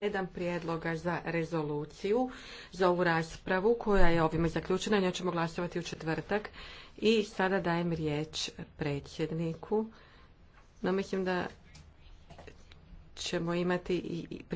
Jedan prijedloga za rezoluciju za ovu raspravu koja je ovime zaključena. Njoj ćemo glasovati u četvrtak. I sada dajem riječ predsjedniku. No mislim da ćemo imati i